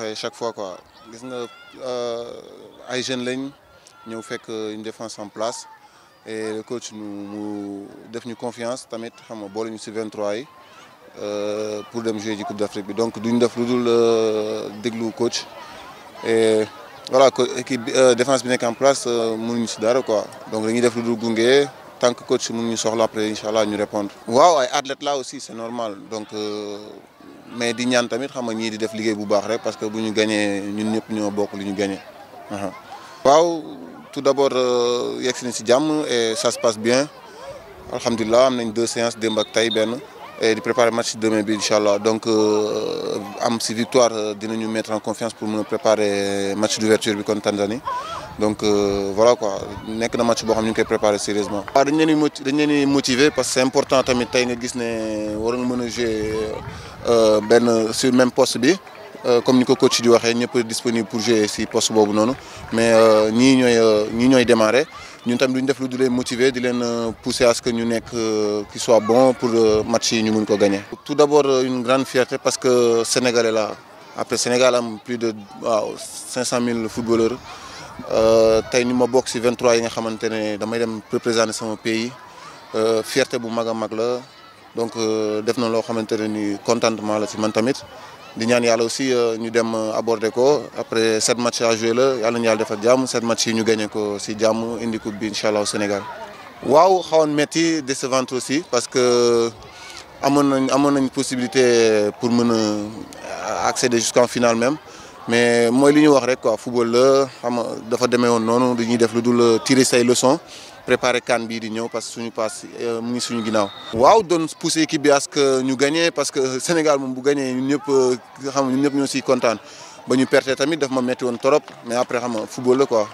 et chaque fois quoi Les euh, jeunes lañ fait qu'une une défense en place et le coach nous def ñu confiance tamit xam nga 23 euh, pour jouer la Coupe d'Afrique donc duñ def lu dul euh, déglu coach et voilà équipe défense bien qu'en en place nous si dara quoi donc dañuy def lu dul tant que coach sera là après Inch'Allah, nous ñu répondre waaw athlète là aussi c'est normal donc mais di ñaan tamit xam nga ñii di def liggéey bu baax rek parce que bu ñu gañee ñun ñëpp ñoo bokk lu ñu waaw tout d'abord euh, yegg si si jàmm et ça se passe bien Alhamdulillah, am nañ deux séances démb ak tey benn et di préparer match demain bi incha donc euh, am si victoire euh, dinañu mettre en confiance pour mën a préparer match d'ouverture bi contre Tanzanie donc euh, voilà quoi nous na match ñu sérieusement Nous dañ motivés parce que c'est important tamit nous nga gis ne jouer euh, sur même poste bi euh, comme ni ko coach di sommes disponibles disponible pour jouer si poste bobu non. mais nous ñoy ñi démarrer ñun tam duñ def lu motiver pousser à ce que nous soyons qui soit bon pour match yi nous mëne gagner. tout d'abord une grande fierté parce que Sénégal est là après Sénégal a plus de 500 000 footballeurs. Euh, tey ñu ma bokk 23 yi nga xamante ne damay dem représenter mon pays euh, fierté bu maga mag la donc euh, def na lo xamante ni contentement la si man tamit di ñaan yalla aussi ñu dem aborder ko après sept matchs à jouer la yalla ñu yàlla defal jamm sept matchs ñu gagné ko si jamm indi coupe bi inshallah au Sénégal. waaw xawon metti décevant aussi parce que amon nañ amon nañ possibilité pour mën accéder jusqu'en finale même mais moi li ñu wax rek quoi football là xam nga de demee woon noonu dañuy def lu euh, tirer say leçons préparer CAN bi di ñëw parce que suñu pass euh, mu ngi suñu ginnaaw. waaw doon pousser équipe bi à ce que ñu gagner parce que euh, Sénégal mom bu gagner ñun ñëpp xam ñun ñëpp ñoo ci kontaan ba ñu perdre tamit daf ma metti won trop mais après xam football la quoi.